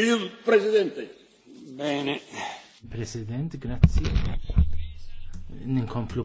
Il-Presidente. Bene. presidente grazie. Ninkomplu